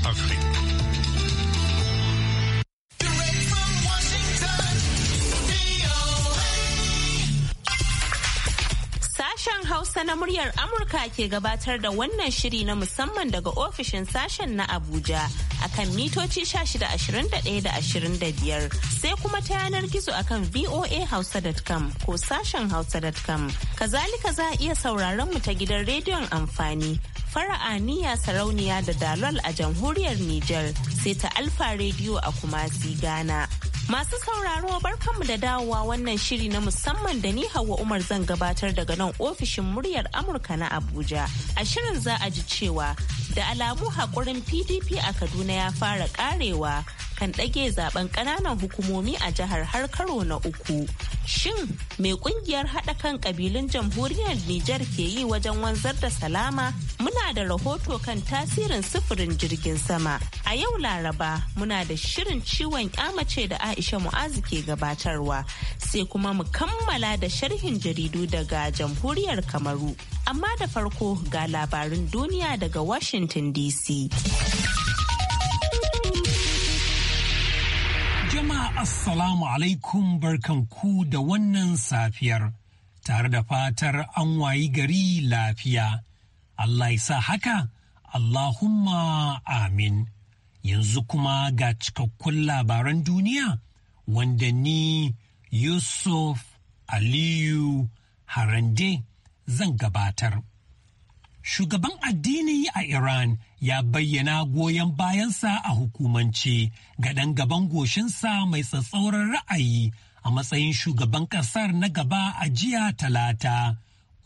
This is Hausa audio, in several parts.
Afrique. Sashen Hausa na muryar Amurka ke gabatar da wannan shiri na musamman daga ofishin sashen na Abuja akan mitoci 1621 da 25 sai kuma ta yanar gizo akan voahausa.com ko sashen hausa.com. Kazalika za a iya sauraron mu ta gidan rediyon amfani fara'a sarauniya da dalol a jamhuriyar Nijar sai ta alfa rediyo a kumasi Ghana. Masu sauraro barkanmu da dawowa wannan shiri na musamman da ni Hauwa Umar zan gabatar daga nan ofishin muryar Amurka na Abuja. A shirin za a ji cewa da alamu haƙurin PDP a Kaduna ya fara ƙarewa kan ɗage zaben ƙananan hukumomi a jihar har karo na uku. Shin mai ƙungiyar haɗa kan ƙabilun jamhuriyar Nijar ke yi wajen wanzar da salama? Muna da rahoto kan tasirin sufurin jirgin sama. A yau Laraba muna da shirin ciwon kyamace da Aisha Mu'azu ke gabatarwa sai kuma mu kammala da sharhin jaridu daga jamhuriyar Kamaru. Amma da farko ga labarin duniya daga Washington DC. Assalamu alaikum barkanku da wannan safiyar, tare da fatar an wayi gari lafiya. Allah ya sa haka, Allahumma amin. Yanzu kuma ga cikakkun labaran duniya wanda ni Yusuf Aliyu Harande zan gabatar. Shugaban addini a Iran ya bayyana goyon bayansa a hukumance ga ɗan gaban goshinsa mai tsatsauran ra'ayi a matsayin shugaban ƙasar na gaba a jiya talata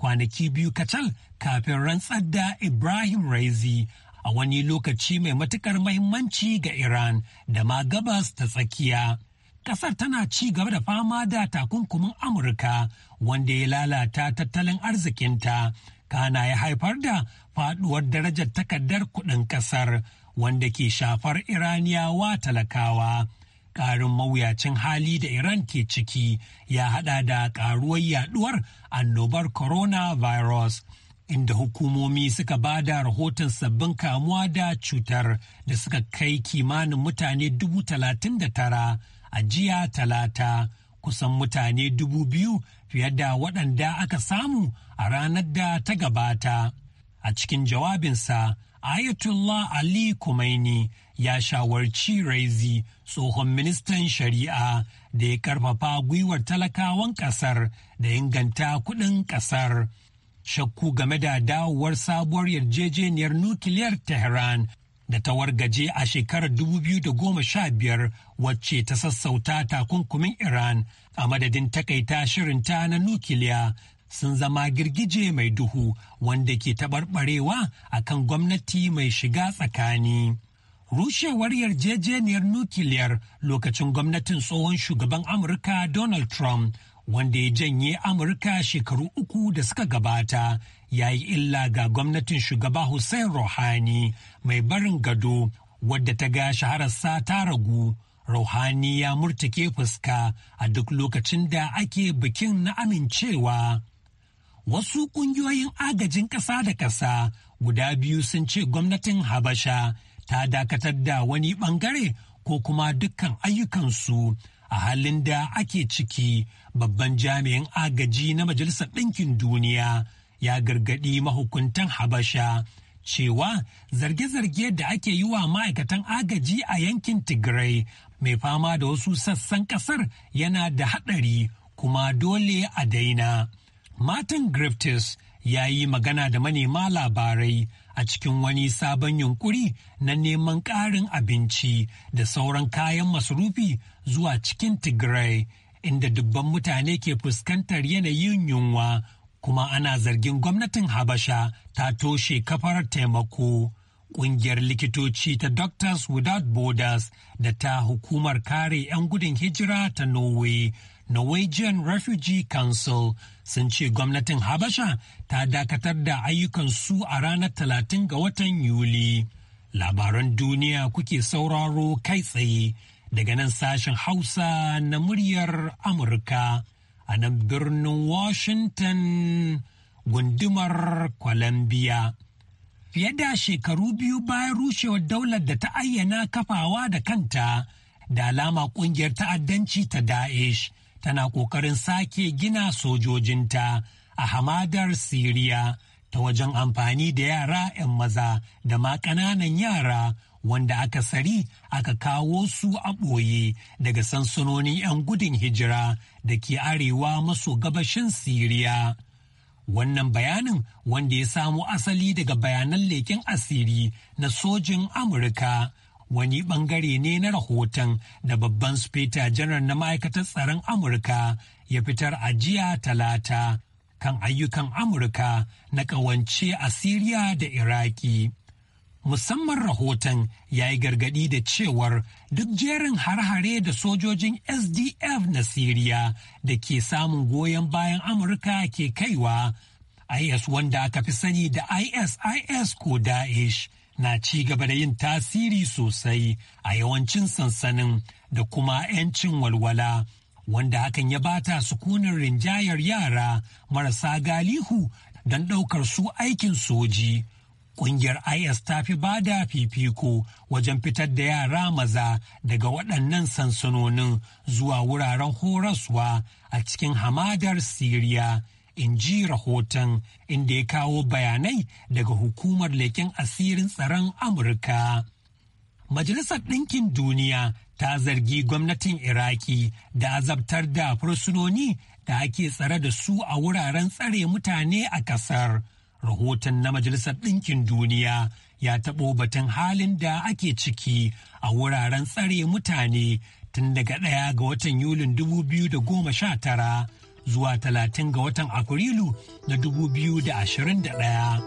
kwanaki biyu kacal kafin rantsar da ibrahim raizi a wani lokaci mai matukar mahimmanci ga iran da ma gabas ta tsakiya Ƙasar tana ci gaba da fama da takunkumin amurka wanda ya lalata tattalin arzikinta kana ya haifar da faduwar darajar takardar kuɗin ƙasar wanda ke shafar iraniyawa talakawa ƙarin mawuyacin hali da iran ke ciki ya hada da ƙaruwar yaduwar annobar coronavirus inda hukumomi suka ba da rahoton sabbin kamuwa da cutar da suka kai kimanin mutane dubu talatin da tara a jiya talata kusan mutane dubu biyu fiye da waɗanda aka samu a ranar da ta gabata. A cikin jawabinsa, Ayatollah Ali Kumaini ya shawarci Raizi tsohon ministan shari'a da ya karfafa gwiwar talakawan ƙasar da inganta kuɗin ƙasar. Shakku game da dawowar sabuwar yarjejeniyar nukiliyar Tehran da ta wargaje a shekarar 2015 wacce ta sassauta takunkumin Iran a madadin takaita shirinta na nukiliya sun zama girgije mai duhu wanda ke taɓarɓarewa a kan gwamnati mai shiga tsakani. Rushewar yarjejeniyar nukiliyar lokacin gwamnatin tsohon shugaban Amurka Donald Trump wanda ya janye Amurka shekaru uku da suka gabata ya yi illa ga gwamnatin shugaba Hussein ruhani mai barin gado wadda ta ga shahararsa ta ragu. rohani ya murtuke fuska a duk lokacin da ake bikin na amincewa. Wasu ƙungiyoyin agajin ƙasa da ƙasa guda biyu sun ce gwamnatin Habasha ta dakatar da wani bangare ko kuma dukkan ayyukansu a halin da ake ciki babban jami'in agaji na majalisar ɗinkin duniya ya gargaɗi mahukuntan habasha cewa zarge-zarge da ake yi wa ma'aikatan agaji a yankin tigray mai fama da wasu sassan ƙasar yana da haɗari kuma dole a daina martin griffiths ya yi magana da manema labarai a cikin wani sabon yunkuri na neman ƙarin abinci da sauran kayan masrufi zuwa cikin Tigray, inda dubban mutane ke fuskantar yanayin yunwa kuma ana zargin gwamnatin Habasha ta toshe kafar taimako. Ƙungiyar likitoci ta Doctors Without Borders da ta hukumar kare 'yan gudun hijira ta Norway, Norwegian Refugee Council sun ce gwamnatin Habasha ta dakatar da ayyukan su a ranar talatin ga watan Yuli. Labaran duniya kuke sauraro kai tsaye daga nan sashen Hausa na muryar Amurka a nan birnin Washington gundumar Columbia. Fiye da shekaru biyu bayan rushewar daular da ta ayyana kafawa da kanta da alama kungiyar ta'addanci ta Daesh. tana ƙoƙarin sake gina sojojinta a hamadar Siriya ta wajen amfani da yara 'yan maza da ma ƙananan yara wanda aka sari aka kawo su a ɓoye daga sansanonin 'yan gudun hijira da ke arewa maso gabashin Siriya. Wannan bayanin wanda ya samo asali daga bayanan leƙen asiri na sojin Amurka. wani bangare ne na rahoton da babban speta janar na ma'aikatar tsaron amurka ya fitar a jiya talata kan ayyukan amurka na ƙawance a siriya da iraki musamman rahoton ya yi gargadi da cewar duk jerin har-hare da sojojin sdf na siriya da ke samun goyon bayan amurka ke kaiwa is wanda aka fi sani da isis ko daesh na ci gaba da yin tasiri sosai a yawancin sansanin da kuma 'yancin walwala wanda hakan ya bata sukunin rinjayar yara marasa galihu don ɗaukar su aikin soji. Ƙungiyar IS ta fi ba da fifiko wajen fitar da yara maza daga waɗannan sansanonin zuwa wuraren horaswa a cikin hamadar Siriya. in ji rahoton inda ya kawo bayanai daga hukumar leken asirin tsaron amurka majalisar ɗinkin duniya ta zargi gwamnatin iraki da azabtar da fursunoni da ake tsare da su a wuraren tsare mutane a ƙasar rahoton na majalisar ɗinkin duniya ya taɓo batun halin da ake ciki a wuraren tsare mutane tun daga ɗaya ga watan yulin 2019 zuwa 30 ga watan Afrilu na 2021.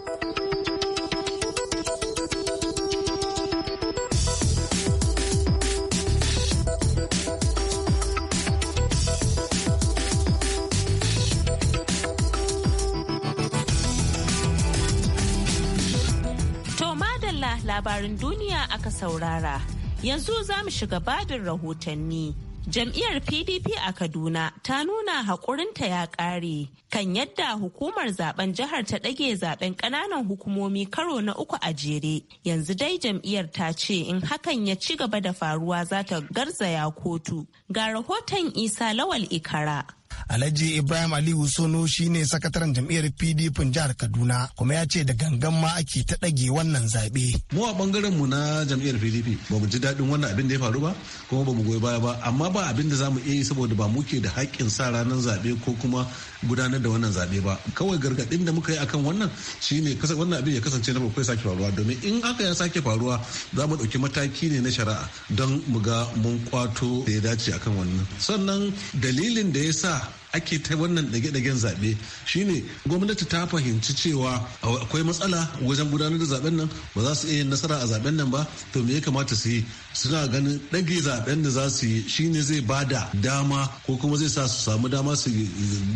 labarin duniya aka saurara. Yanzu za mu shiga badin rahotanni. Jam'iyyar PDP a Kaduna ta nuna haƙurinta ya ƙare kan yadda hukumar zaben jihar ta ɗage zaben ƙananan hukumomi karo na uku a jere. Yanzu dai jam'iyyar ta ce in hakan ya ci gaba da faruwa za ta garzaya kotu. Ga rahoton Isa Lawal Ikara. Alhaji Ibrahim Aliyu Sono shine sakataren jam'iyyar PDP jihar Kaduna kuma ya ce da gangan ma ake ta ɗage wannan zaɓe. Mu a ɓangaren mu na jam'iyyar PDP ba mu ji daɗin wannan abin da ya faru ba kuma ba mu goyi baya ba amma ba abin da za mu iya yi saboda ba muke da haƙƙin sa ranar zaɓe ko kuma gudanar da wannan zaɓe ba kawai gargadin da muka yi akan wannan shine wannan abin ya kasance na bakwai sake faruwa domin in aka ya sake faruwa za mu ɗauki mataki ne na shari'a don mu ga mun kwato da ya dace akan wannan sannan dalilin da ya sa ake ta wannan dage-dagen zaɓe shine gwamnati ta fahimci cewa akwai matsala wajen gudanar da zaɓen nan ba za su iya yin nasara a zaɓen nan ba to me ya kamata su yi suna ganin ɗage zaɓen da za su yi shine zai ba da dama ko kuma zai sa su samu dama su yi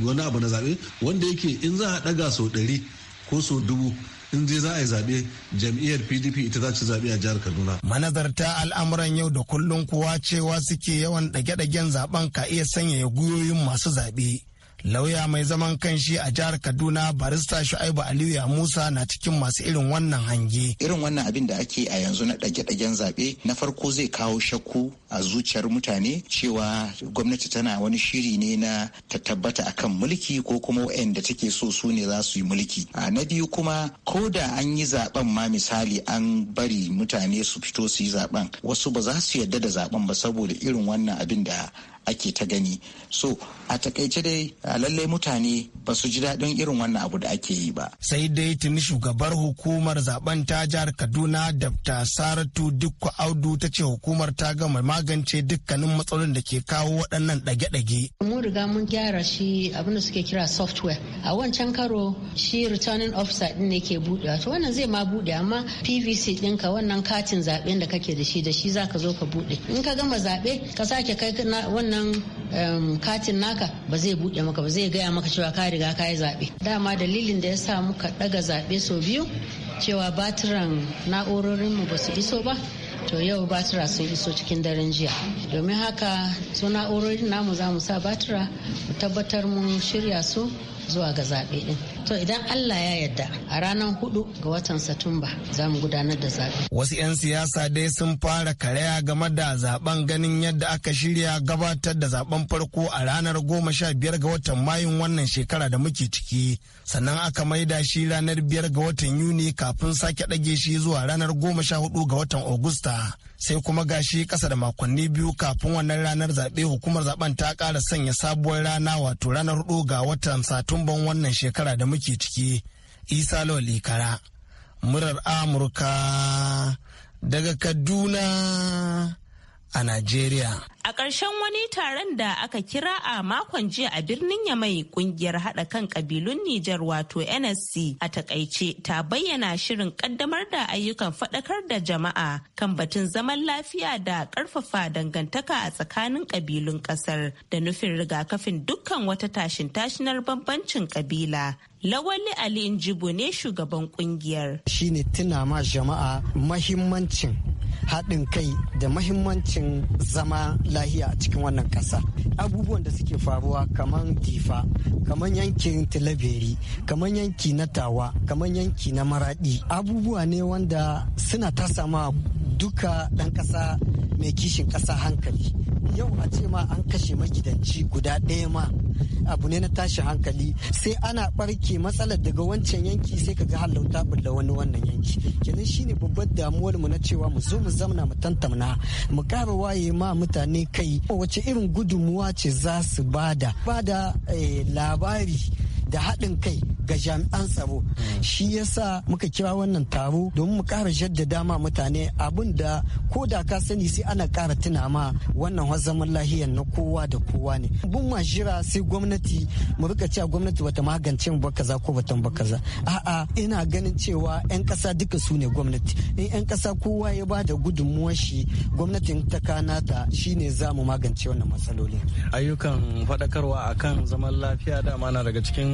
wani abu na zaɓe wanda yake in za a ɗaga sau ɗari ko so dubu in dai za a yi zaɓe jam'iyyar pdp ita za ci zaɓe a jihar kaduna. manazarta al'amuran yau da kullum kuwa cewa suke yawan ɗage-ɗagen zaben ka iya sanyaya gwiwoyin masu zaɓe lauya mai zaman kanshi a jihar kaduna barista shu'aibu aliyu ya musa na cikin masu irin wannan hange irin wannan abin da ake a yanzu na ɗage-ɗagen zaɓe na farko zai kawo shakku a zuciyar mutane cewa gwamnati tana wani shiri ne na ta tabbata akan mulki ko kuma wa'anda take so su ne za su yi mulki a na biyu kuma ko da an yi zaben ma misali an bari mutane su fito su yi zaben wasu ba za su yarda da zaben ba saboda irin wannan abin da ake ta gani so a takaice dai lallai mutane ba su ji daɗin irin wannan abu da ake yi ba sai dai tuni shugabar hukumar zaben ta jihar kaduna dabta saratu dukku audu ta ce hukumar ta gama magance dukkanin matsalolin da ke kawo waɗannan ɗage-ɗage mun riga mun gyara shi abin da suke kira software a wancan karo shi returning officer din ne ke buɗewa to wannan zai ma buɗe amma pvc ɗinka wannan katin zaɓen da kake da shi da shi zaka zo ka buɗe in ka gama zaɓe ka sake kai wannan wannan katin naka ba zai buɗe maka ba zai gaya maka cewa ka riga ka yi zaɓe dama dalilin da ya sa muka ɗaga zaɓe sau biyu cewa batiran na'urorinmu ba su iso ba to yau batira sun iso cikin daren jiya domin haka su na'urorin namu za mu sa batira mu tabbatar mun shirya su zuwa ga zaɓe ɗin to idan allah ya yarda a ranar hudu ga watan satumba za mu gudanar da zaɓe wasu 'yan siyasa dai sun fara karaya game da zaben ganin yadda aka shirya gabatar da zaben farko a ranar goma sha biyar ga watan mayun wannan shekara da muke ciki sannan aka maida shi ranar biyar ga watan yuni kafin sake ɗage shi zuwa ranar goma sha hudu ga watan Agusta sai kuma gashi kasa da makonni biyu kafin wannan ranar zaɓe hukumar zaben ta ƙara sanya sabuwar rana wato ranar hudu ga watan satumban wannan shekara da muke ciki isa kara murar amurka daga kaduna a nigeria. A ƙarshen wani taron da aka kira a makon jiya a birnin Yamai ƙungiyar haɗa kan ƙabilun Nijar wato NSC a takaice ta bayyana shirin ƙaddamar da ayyukan faɗakar da jama'a kan batun zaman lafiya da ƙarfafa dangantaka a tsakanin ƙabilun ƙasar da nufin rigakafin dukkan wata tashin tashinar bambancin ƙabila. Lawali Ali Injibo ne shugaban ƙungiyar. Shi ne tuna ma jama'a mahimmancin haɗin kai da mahimmancin zama lahiya a cikin wannan kasa abubuwan da suke faruwa kamar difa kamar yankin tilaberi kamar yanki na tawa kamar yanki na maradi abubuwa ne wanda suna ta sama duka ɗan ƙasa mai kishin ƙasa hankali yau a ce ma an kashe magidanci guda ɗaya ma abu ne na tashi hankali sai ana barke matsalar daga wancan yanki sai ka ga halauta bulla wani wannan yanki kenan shine babbar damuwar mu na cewa mu zo mu zamna mu tantamna mu kara waye ma mutane kai wace irin gudunmuwa ce za su bada bada eh, labari da haɗin kai ga jami'an tsaro shi yasa muka kira wannan taro domin mu ƙara jaddada ma mutane abin da ko da ka sani sai ana ƙara tuna ma wannan zaman lahiyar na kowa da kowa ne bin ma jira sai gwamnati mu rika cewa gwamnati bata magance mu ba kaza ko bata ba kaza a'a ina ganin cewa 'yan ƙasa duka su ne gwamnati in 'yan ƙasa kowa ya ba da gudunmuwar shi gwamnatin ta kana ta shine za mu magance wannan matsaloli ayyukan faɗakarwa akan zaman lafiya dama na daga cikin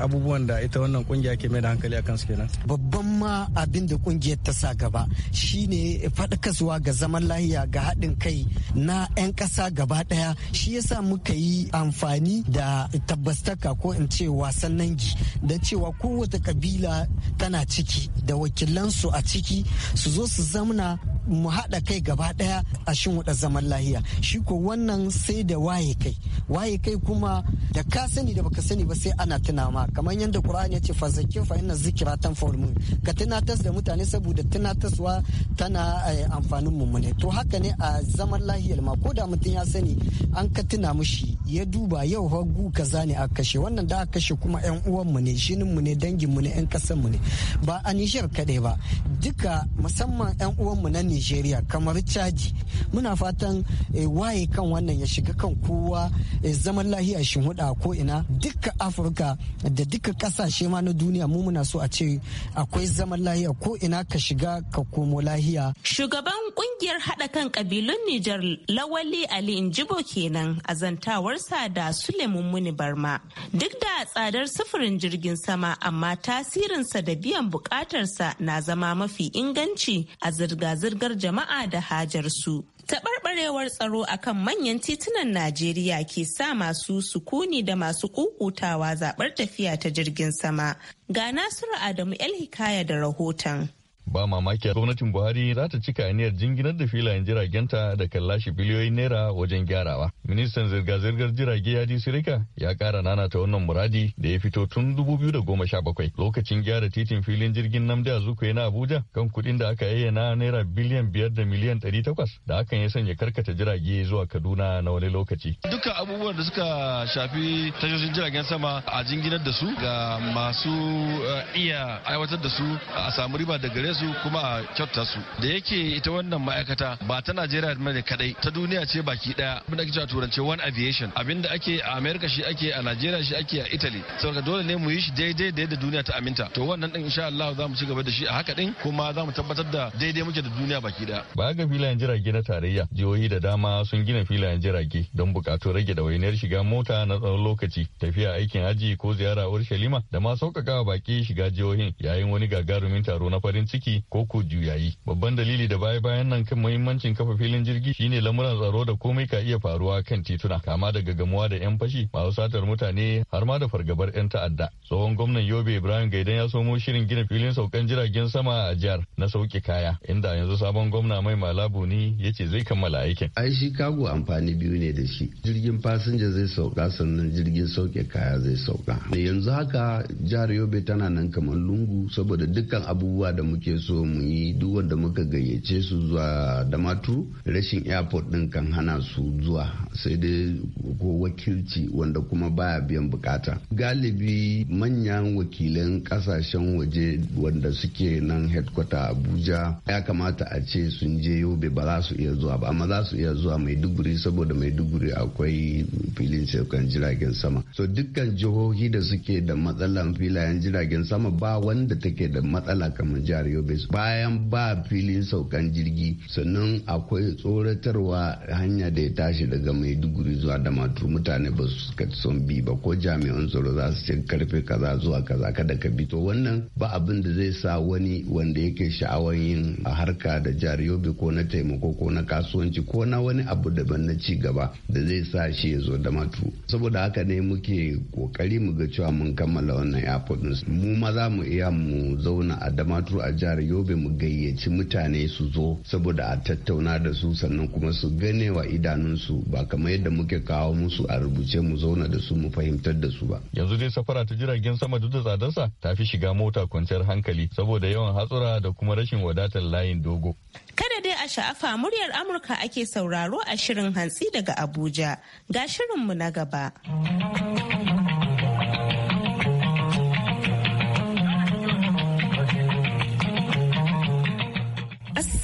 abubuwan da ita wannan kungiya ke mai da hankali akan su kenan babban ma abin da kungiyar ta sa gaba shine faɗakaswa ga zaman lahiya ga haɗin kai na 'yan ƙasa gaba ɗaya shi yasa muka yi amfani da tabbastaka ko in ce wasan nangi da cewa kowace kabila tana ciki da wakilansu a ciki su zo su zamna mu haɗa kai gaba ɗaya a shimfiɗa zaman lahiya shi ko wannan sai da waye kai waye kai kuma da ka sani da baka sani ba sai ana tuna ma kamar yadda Qur'ani ya ce fa fa inna zikira tan mu'min ka tunatar da mutane saboda tunatarwa tana eh, amfanin ne to haka ne a zaman lahiyar ma ko da mutum ya sani an ka tuna mushi ya duba yau hagu kaza ne a kashe wannan da aka kashe kuma yan uwanmu ne mu ne danginmu ne yan mu ne ba a Nijar kaɗai ba duka musamman yan uwanmu na Nijeriya kamar caji muna fatan eh, waye kan wannan ya shiga kan kowa eh, zaman lahiya shi huda ko ina duka Afirka da duka kasashe ma na duniya mu muna so a ce akwai zaman lahiya ko ina ka shiga ka komo lahiya shugaban kungiyar haɗa kan kabilun nijar lawali ali injibo kenan a zantawarsa da suleiman muni barma duk da tsadar sufurin jirgin sama amma tasirinsa da biyan bukatarsa na zama mafi inganci a zirga-zirgar jama'a da hajar su taɓarɓarewar tsaro akan manyan titunan Najeriya ke sa masu sukuni da masu kukutawa zaɓar tafiya ta jirgin sama. Ga Nasiru Adamu El Hikaya da rahoton. ba mamaki gwamnatin buhari za ta cika aniyar jinginar da filayen jiragenta da kallashi biliyoyin naira wajen gyarawa ministan zirga-zirgar jirage yadi sirika ya kara nana ta wannan muradi da ya fito tun dubu biyu da goma sha 2017 lokacin gyara titin filin jirgin namda zuku na abuja kan kuɗin da aka na naira biliyan biyar da miliyan ɗari takwas da hakan ya sanya karkata jirage zuwa kaduna na wani lokaci Duka abubuwan da suka shafi tashoshin jiragen sama a jinginar da su ga masu eh, iya aiwatar da su a samu riba da gare su su kuma a kyauta su da yake ita wannan ma'aikata ba ta najeriya ne kadai ta duniya ce baki daya abinda ake cewa turance one aviation da ake a america shi ake a najeriya shi ake a italy saboda dole ne mu yi shi daidai da yadda duniya ta aminta to wannan din insha Allah za mu ci gaba da shi a haka din kuma za mu tabbatar da daidai muke da duniya baki daya baya ga filayen jirage na tarayya jihohi da dama sun gina filayen jirage don bukatu rage dawainiyar shiga mota na tsawon lokaci tafiya aikin aji ko ziyara urshalima da ma sauƙaƙa baki shiga jihohin yayin wani gagarumin taro na farin ciki aiki ko ko juyayi babban dalili da baya bayan nan kan muhimmancin kafa filin jirgi shine lamuran tsaro da komai ka iya faruwa kan tituna kama daga gamuwa da yan fashi masu satar mutane har ma da fargabar yan ta'adda tsohon gwamnan yobe ibrahim gaidan ya somo shirin gina filin saukan jiragen sama a jihar na sauke kaya inda yanzu sabon gwamna mai malabu ne ya ce zai kammala aikin ai shi kago amfani biyu ne da shi jirgin fasinja zai sauka sannan jirgin sauke kaya zai sauka yanzu haka jihar yobe tana nan kamar lungu saboda dukkan abubuwa da muke muke so mu yi duk wanda muka gayyace su zuwa damatu rashin airport din kan hana su zuwa sai dai ko wakilci wanda kuma baya biyan bukata galibi manyan wakilan kasashen waje wanda suke nan headquarter abuja ya kamata a ce sun je yobe ba za su iya zuwa ba amma za su iya zuwa maiduguri saboda maiduguri akwai filin saukan jiragen sama so dukkan jihohi da suke da matsalan filayen jiragen sama ba wanda take da matsala kamar jihar yobe bayan ba filin saukan jirgi sannan akwai tsoratarwa hanya da ya tashi daga maiduguri zuwa matu mutane ba su son bi ba ko jami'an tsaro za su ce karfe kaza zuwa kaza kada ka bi to wannan ba abin da zai sa wani wanda yake sha'awar yin harka da jihar yobe ko na taimako ko na kasuwanci ko na wani abu daban na ci gaba da zai sa shi ya zo matu saboda haka ne muke kokari mu ga cewa mun kammala wannan airport mu ma za mu iya mu zauna a damatur a jihar jihar yobe mu gayyaci mutane su zo saboda a tattauna da su sannan kuma su gane wa idanunsu ba kamar yadda muke kawo musu a rubuce mu zauna da su mu fahimtar da su ba yanzu dai safara ta jiragen sama duk da tsadarsa ta fi shiga mota kwanciyar hankali saboda yawan hatsura da kuma rashin wadatar layin dogo kada dai a sha'afa muryar amurka ake sauraro a shirin hantsi daga abuja ga shirinmu na gaba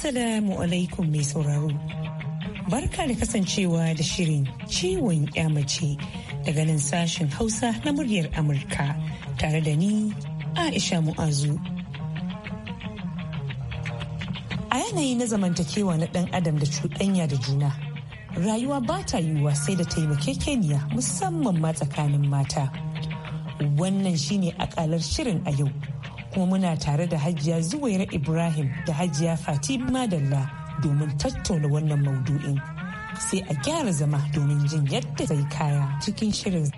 Assalamu alaikum mai sauraro. Barka da kasancewa da shirin ciwon mace daga nan sashen Hausa na muryar Amurka tare da ni Aisha Mu'azu. A yanayi na zamantakewa na ɗan adam da cuɗanya da juna, rayuwa ba ta yiwuwa sai da taimake keniya musamman ma tsakanin mata. Wannan shine akalar shirin a yau. kuma muna tare da hajiya zuwaira ibrahim da hajiya fatima dalla domin tattauna wannan maudu'in sai a gyara zama domin jin yadda zai kaya cikin shirin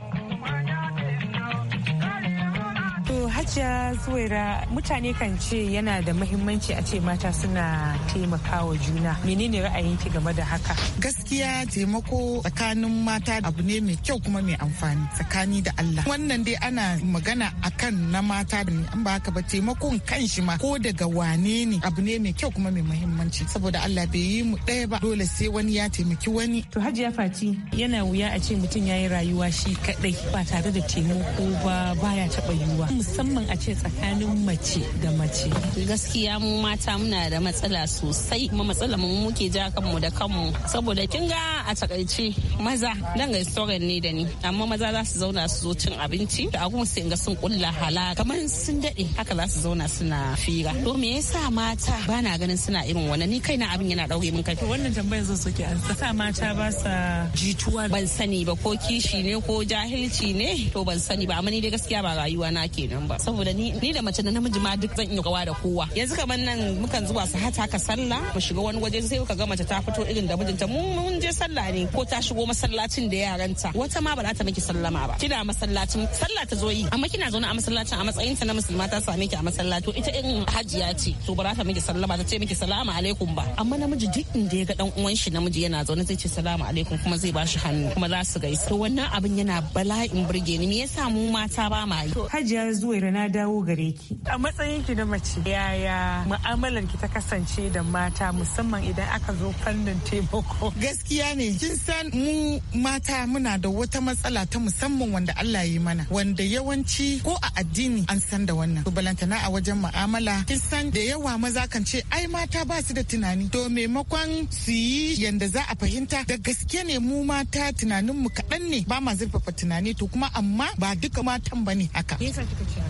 Hajiya Zuwaira mutane kan ce yana da muhimmanci a ce mata suna taimakawa juna. Menene ra'ayinki game da haka? Gaskiya taimako tsakanin mata abu ne mai kyau kuma mai amfani tsakani da Allah. Wannan dai ana magana akan na mata da an ba haka ba taimakon kan shi ma ko daga wane ne abu ne mai kyau kuma mai muhimmanci saboda Allah bai yi mu ɗaya ba dole sai wani ya taimaki wani. To Hajiya Fati yana wuya a ce mutum ya yi rayuwa shi kaɗai ba tare da taimako ba baya taɓa yiwuwa musamman musamman a ce tsakanin mace da mace gaskiya mu mata muna da matsala sosai kuma matsala mu muke ja kanmu da kanmu saboda kin ga a takaice maza dan ga historian ne da ni amma maza za su zauna su zo cin abinci da agun sai ga sun kulla hala kamar sun dade haka za su zauna suna fira to me yasa mata ba na ganin suna irin wannan ni kaina abin yana daure min kai wannan tambayar zan soke an sa mata ba sa jituwa ban sani ba ko kishi ne ko jahilci ne to ban sani ba amma ni dai gaskiya ba rayuwa na kenan ba saboda ni ni da mace da namiji ma duk zan iya gawa da kowa yanzu kamar nan mukan zuwa su hata ka sallah mu shiga wani waje sai ka ga mace ta fito irin da mijinta mun je sallah ne ko ta shigo masallacin da yaranta wata ma ba za ta miki sallama ba kina masallacin sallah ta zo yi amma kina zaune a masallacin a matsayin ta na musulma ta same ki a masallaci ita irin hajiya ce to ba za ta miki sallama ta ce miki salamu alaikum ba amma namiji duk inda ya ga dan uwan shi namiji yana zaune zai ce salamu alaikum kuma zai bashi hannu kuma za su gaisa to wannan abin yana bala'in burge ni me yasa mu mata ba ma yi hajiya zuwa Maimuna na dawo gare ki. A matsayin ki na mace yaya mu'amalar ki ta kasance da mata musamman idan aka zo fannin taimako. Gaskiya ne kin san mu mata muna da wata matsala ta musamman wanda Allah ya yi mana wanda yawanci ko a addini an san da wannan. Balantana a wajen mu'amala kin san da yawa maza kan ce ai mata ba su da tunani to maimakon su yi yanda za a fahimta da gaske ne mu mata tunanin mu kaɗan ne ba ma zurfafa tunani to kuma amma ba duka matan ba haka.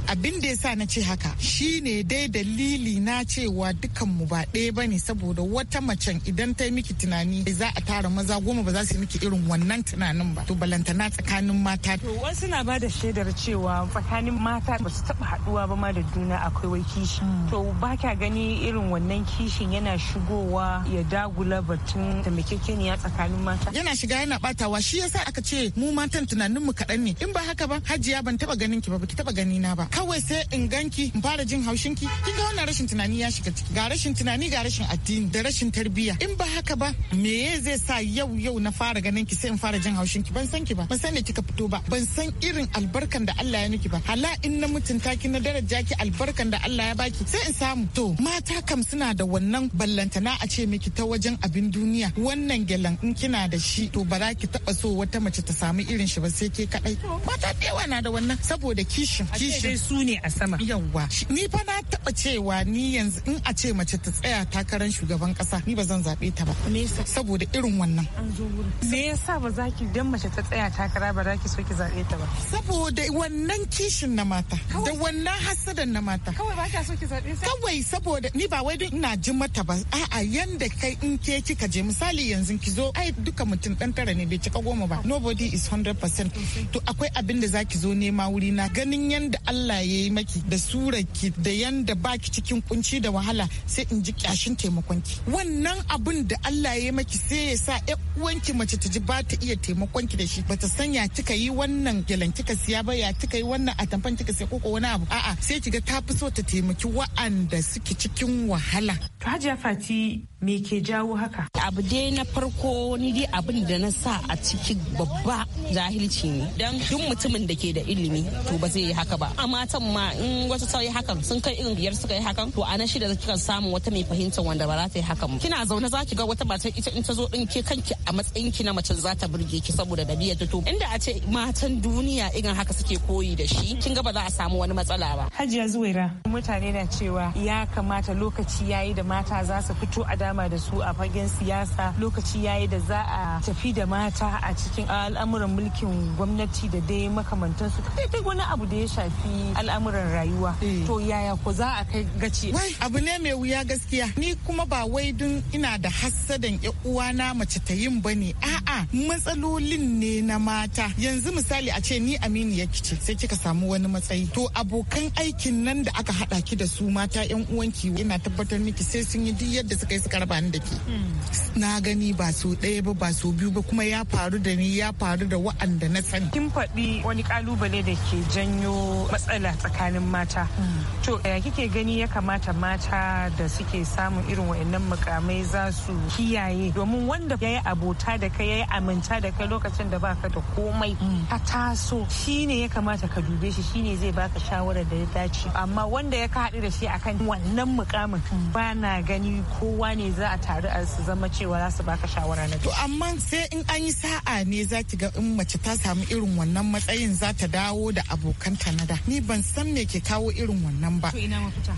abin da ya sa na ce haka shi ne dai dalili na cewa dukan mu ba ɗaya bane saboda wata macen idan ta yi miki tunani za a tara maza goma ba za su yi miki irin wannan tunanin ba to balantana tsakanin mata to wasu na ba da shaidar cewa tsakanin mata ba su taba haduwa ba ma da juna akwai wai kishi hmm. to ba kya gani irin wannan kishin yana shigowa ya dagula batun tamakekeniya tsakanin mata yana shiga yana batawa shi yasa aka ce mu matan tunanin mu kaɗan ne in ba haka ba hajiya ban taba ganin ki ba ba ki taba gani na ba kawai sai in ganki in fara jin haushin ki kin ga wannan rashin tunani ya shiga ciki ga rashin tunani ga rashin addini da rashin tarbiyya in ba haka ba me zai sa yau yau na fara ganin ki sai in fara jin haushin ki ban san ki ba ban san ne kika fito ba ban san irin albarkan da Allah ya miki ba hala in na mutunta ki na daraja ki albarkan da Allah ya baki sai in samu to mata kam suna da wannan ballantana a ce miki ta wajen abin duniya wannan gyalan in kina da shi to ba za ki taba so wata mace ta samu irin shi ba sai ke kadai mata da yawa na da wannan saboda kishin kishin su ne a sama yawwa ni fa na taɓa cewa ni yanzu in a ce mace ta tsaya takarar shugaban kasa ni ba zan zaɓe ta ba saboda irin wannan an me yasa ba za ki dan mace ta tsaya takara ba za ki so ki zaɓe ta ba saboda wannan kishin na mata da wannan hasadan na mata kawai ba ka so ki zaɓe ta. kawai saboda ni ba wai don ina jin mata ba a'a yanda kai in ke kika je misali yanzu ki zo ai duka mutum ɗan tara ne bai cika goma ba nobody is 100% to akwai abin da zaki zo nema wuri na ganin yanda Allah Allah maki da surarki da yanda baki cikin kunci da wahala sai in ji kyashin taimakonki wannan abun da Allah ya yi maki sai ya sa ƴan uwanki mace ta ji ba ta iya taimakonki da shi bata sanya kika yi wannan gelan kika siya ba ya kika yi wannan atamfan kika siya koko wani abu a'a sai kiga ta fi so ta taimaki wa'anda suke cikin wahala to Hajiya Fati me ke jawo haka abu dai na farko ni dai abin da na sa a ciki babba jahilci ne don duk mutumin da ke da ilimi to ba zai yi haka ba a matan ma in wasu ta yi hakan sun kai irin biyar suka yi hakan to a na shida kika samu wata mai fahimtar wanda ba za ta yi hakan kina zaune za ki ga wata matar ita in ta zo din ke kanki a matsayin ki na mace za ta burge ki saboda dabi'ar ta to inda a ce matan duniya irin haka suke koyi da shi kin ga ba za a samu wani matsala ba hajiya zuwaira mutane na cewa ya kamata lokaci yayi da mata za su fito a dama da su a fagen siyasa lokaci ya yi da za a tafi da mata a cikin al'amuran mulkin gwamnati da dai makamantansu kai duk wani abu da ya shafi al'amuran rayuwa eh. to yaya ko za a kai gaci abu ne mai wuya gaskiya ni kuma ba wai dun ina da hassadan ya uwana mace ta yin bane a'a matsalolin ne na mata yanzu misali a ce ni ya kice sai kika samu wani matsayi to abokan aikin nan da aka hada ki da su mata yan uwanki ina tabbatar miki sai sun yi duk yadda suka yi suka aka da ke hmm. na gani ba su ɗaya ba ba su biyu ba kuma ya faru da ni ya faru da wa'anda na sani kin faɗi wani kalubale da ke janyo matsala tsakanin mata hmm. to ya kike gani ya kamata mata da suke samun irin wa'annan mukamai za su kiyaye domin wanda ya yi abota da kai ya yi aminta da kai lokacin da baka da komai ka hmm. taso shine ya kamata ka dube shi shine zai baka shawara da ya dace amma wanda ya ka haɗu da shi akan wannan mukamin ba na gani kowa ne za a taru a su zama cewa za su baka shawara na to amma sai in an yi sa'a ne za ki ga in mace ta samu irin wannan matsayin za ta dawo da abokanta na da ni ban san me ke kawo irin wannan ba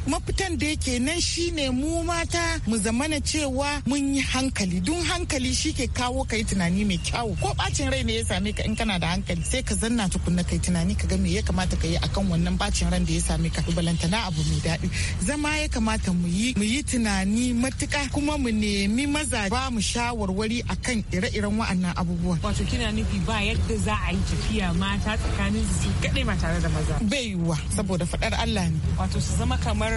mafitan da yake nan shine mu mata mu zamana cewa mun yi hankali dun hankali shi ke kawo ka yi tunani mai kyawu ko bacin rai ne ya same ka in kana da hankali sai ka zanna tukunna kai tunani ka ga me ya kamata ka yi akan wannan bacin ran da ya same ka balantana abu mai daɗi zama ya kamata mu yi mu yi tunani matuƙa kuma mu nemi maza ba mu shawarwari a kan ire-iren wa'annan abubuwan. Wato kina nufi ba yadda za a yi tafiya mata tsakanin su Kaɗai ba tare da maza. Bai yiwuwa saboda faɗar Allah ne. Wato su zama kamar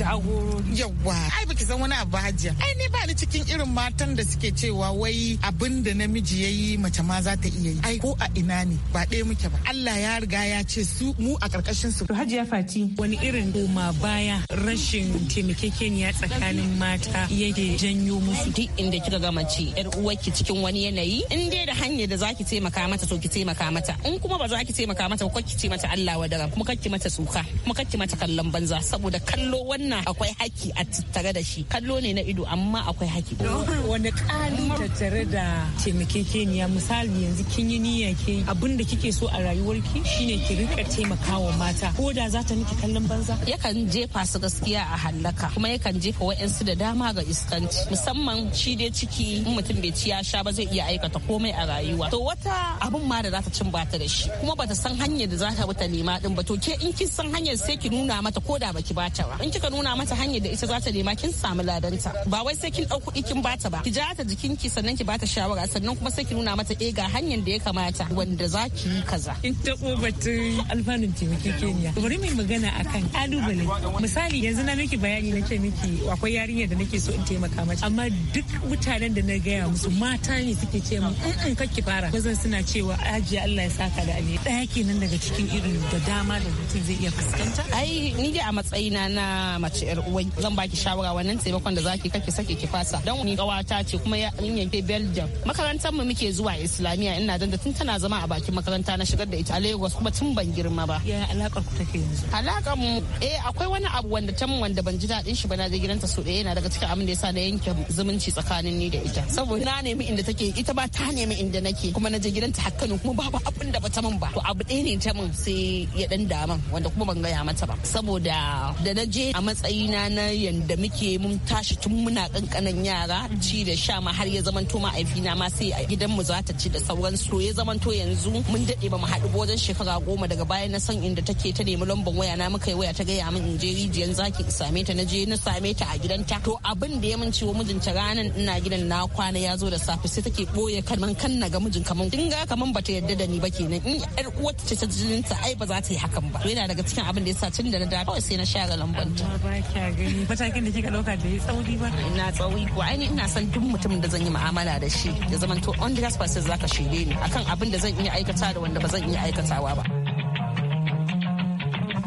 jagorori. Yawwa ai baki san wani abu hajiya. Ai ni ba ni cikin irin matan da suke cewa wai abin da namiji ya yi mace ma za ta iya yi. Ai ko a ina ne ba ɗaya muke ba. Allah ya riga ya ce su mu a ƙarƙashin su. Hajiya Fati wani irin koma baya rashin taimakekeniya tsakanin mata yake zai janyo musu duk inda kika ga mace yar uwarki cikin wani yanayi in dai da hanyar da zaki taimaka mata to ki taimaka mata in kuma ba za ki taimaka mata ba ki ce mata Allah wa daren kuma kake mata suka kuma kake mata kallon banza saboda kallo wannan akwai haki a tattare da shi kallo ne na ido amma akwai haki wani kalu tattare da taimakekeniya misali yanzu kin yi niyya ke abin da kike so a rayuwarki shine ki rika taimakawa mata ko da za ta miki kallon banza yakan jefa su gaskiya a hallaka kuma yakan jefa wa'yansu da dama ga iska musamman shi dai ciki in mutum bai ci ya sha ba zai iya aikata komai a rayuwa to wata abin ma da za ta cin bata da shi kuma bata san hanyar da za ta ta nema din ba to ke in kin san hanyar sai ki nuna mata ko da baki bata ba in kika nuna mata hanyar da ita za ta nema kin samu ladanta ba wai sai kin dau kuɗi kin bata ba ki ja ta jikin ki sannan ki bata shawara sannan kuma sai ki nuna mata eh ga hanyar da ya kamata wanda za ki yi kaza in ta batun alfanun taimakekeniya bari mai magana akan kalubale misali yanzu na miki bayani nake miki akwai yarinya da nake so in taimaka mace amma duk mutanen da na gaya musu mata ne suke ce mu in kakki fara bazan suna cewa aji Allah ya saka da ali daya kenan daga cikin irin da dama da mutum zai iya fuskanta ai ni dai a matsayina na mace yar uwai zan baki shawara wannan taimakon da zaki kake sake ki fasa dan ni gawata ce kuma ya yanke Belgium makarantar mu muke zuwa Islamiya ina dan da tun tana zama a bakin makaranta na shigar da ita a Lagos kuma tun ban girma ba ya alakar ku take yanzu alakar mu eh akwai wani abu wanda tamu wanda ban ji dadin shi ba na je gidanta so da yana daga cikin abin da sa na yanke zumunci tsakanin ni da ita saboda na nemi inda take ita ba ta nemi inda nake kuma na je gidanta hakkanu kuma babu abin da bata min ba to abu ɗaya ne ta min sai ya dan daman wanda kuma ban gaya mata ba saboda da na je a matsayina na yanda muke mun tashi tun muna kankanan yara ci da sha ma har ya zamanto ma'aifina ma sai a gidan mu za ta ci da sauran sauransu ya zamanto yanzu mun daɗe ba mu haɗu wajen shekara goma daga baya na san inda take ta nemi lambar waya na muka yi waya ta gaya min in je rijiyar zaki same ta na je na same ta a gidanta to abin da ya ya min ciwo mijinta ranan ina gidan na kwana ya zo da safe sai take boye kalman kan na ga mijin kaman kin ga kaman bata yarda da ni ba kenan in yar uwata ce ta jinin ta ai ba za ta yi hakan ba yana daga cikin abin da yasa tun da na da kawai sai na share lambar ta ba kya gani matakin da kika dauka da ya tsauri ba ina tsauri ko ai ina san duk mutumin da zan yi mu'amala da shi da zaman to on the gas zaka shirye ni akan abin da zan iya aikata da wanda ba zan iya aikatawa ba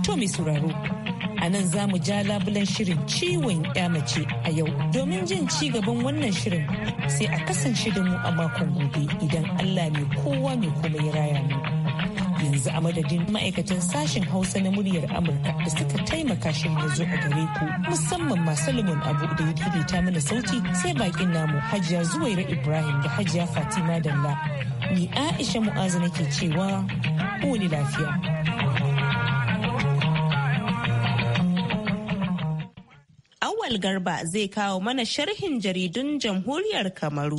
to mai sauraro a nan za mu ja labulen shirin ciwon mace a yau domin jin ci gaban wannan shirin sai a kasance da mu a makon gobe idan allah ne kowa mai kuma ya raya mu yanzu a madadin ma'aikatan sashen hausa na muryar amurka da suka taimaka shirin zo a gare ku musamman ma solomon abu da ya daidaita mana sauti sai bakin namu hajiya zuwaira ibrahim da hajiya fatima dalla ni aisha mu'azu nake cewa koWani lafiya Awal Garba zai kawo mana sharhin jaridun jamhuriyar Kamaru.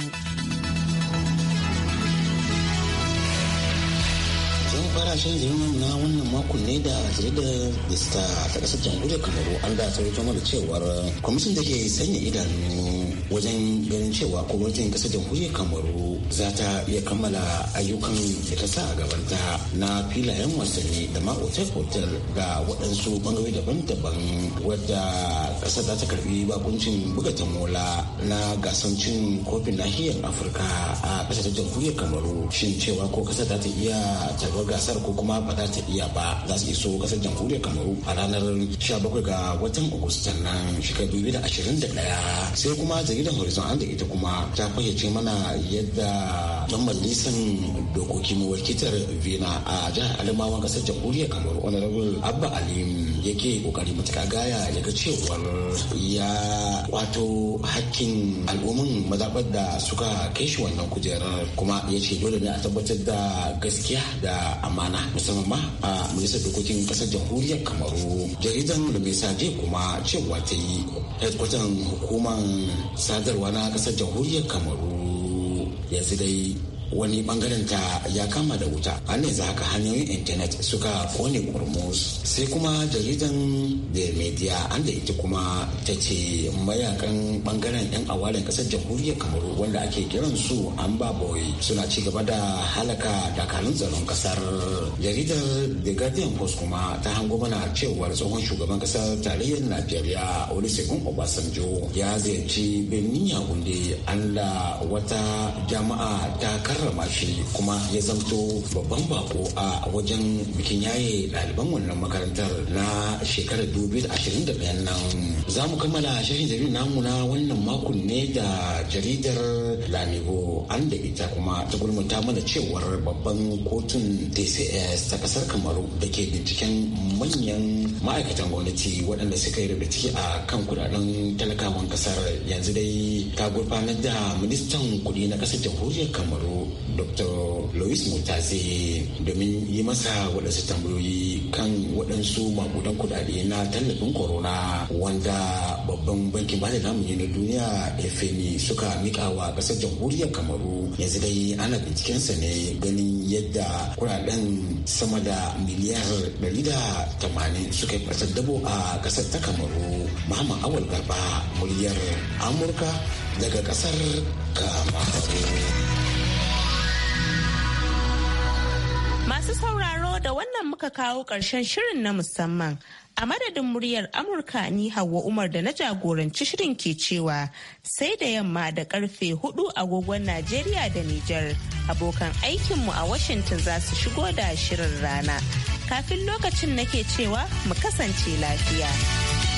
fara shan jirgin na wannan makon ne da jaridar vista ta kasar jamhuriyar kamaru an da sarrafa da cewar kwamishin da ke sanya idanu wajen ganin cewa wajen kasar jamhuriyar kamaru za ta iya kammala ayyukan da ta sa a gabanta na filayen wasanni da ma otel-otel ga waɗansu bangare daban-daban wadda ƙasar za ta karbi bakuncin buga ta mola na gasan cin kofin nahiyar afirka a ƙasar ta jamhuriyar kamaru shin cewa ko ƙasar za ta iya tarbar gasar ko kuma ba za ta iya ba za su iso ƙasar jamhuriyar kamaru a ranar 17 ga watan agustan nan shekaru 2021 sai kuma jaridar horizon an da ita kuma ta fayyace mana yadda a dan majalisar dokoki mu wakiltar vina a jihar adamawa kasar jamhuriyar kamar honorable abba ali yake kokari matuka gaya ya ga cewar ya wato hakkin al'ummin mazabar da suka kai shi wannan kujerar kuma ya ce dole ne a tabbatar da gaskiya da amana musamman ma a majalisar dokokin kasar jamhuriyar kamaru jaridan lumesa je kuma cewa ta yi hukumar sadarwa na kasar jamhuriyar kamaru yanzu dai wani bangaren ta ya kama da wuta an yanzu haka hanyoyin intanet suka kone kurmus sai kuma jaridan da media an da ita kuma ta ce mayakan bangaren yan awalin kasar jamhuriyar kamaru wanda ake kiran su an boy suna ci gaba da halaka dakarun tsaron kasar jaridar the guardian post kuma ta hango mana cewar tsohon shugaban kasar tarayyar najeriya olusegun obasanjo ya ziyarci birnin gunde an da wata jama'a ta kar karrama shi kuma ya zamto babban bako a wajen bikin yaye ɗaliban wannan makarantar na shekarar 2021 nan za mu kammala shirin jaridar namu na wannan makon ne da jaridar lamigo an da ita kuma ta gulmata mana cewar babban kotun dcs ta kasar kamaru da ke binciken manyan ma'aikatan gwamnati waɗanda suka yi rubda ciki a kan kudaden talakawan kasar yanzu dai ta gurfanar da ministan kuɗi na ƙasar jamhuriyar kamaru dr louis mutaze domin yi masa waɗansu tambayoyi kan waɗansu makudan kudade na tallafin corona wanda babban bankin ba da namu na duniya fmi e, suka mika wa ƙasar jamhuriyar kamaru yanzu dai ana bincikensa ne ganin yadda kudaden sama da miliyar 180 suka yi ɓatar dabo a ƙasar ta kamaru muhammad awal garba muryar amurka daga ƙasar kamaru Masu sauraro da wannan muka kawo ƙarshen shirin na musamman A madadin muryar Amurka ni Hauwa Umar da na jagoranci shirin ke cewa sai da yamma da karfe hudu agogon Najeriya da Nijar abokan aikinmu a Washington za su shigo da shirin rana. Kafin lokacin nake cewa mu kasance lafiya.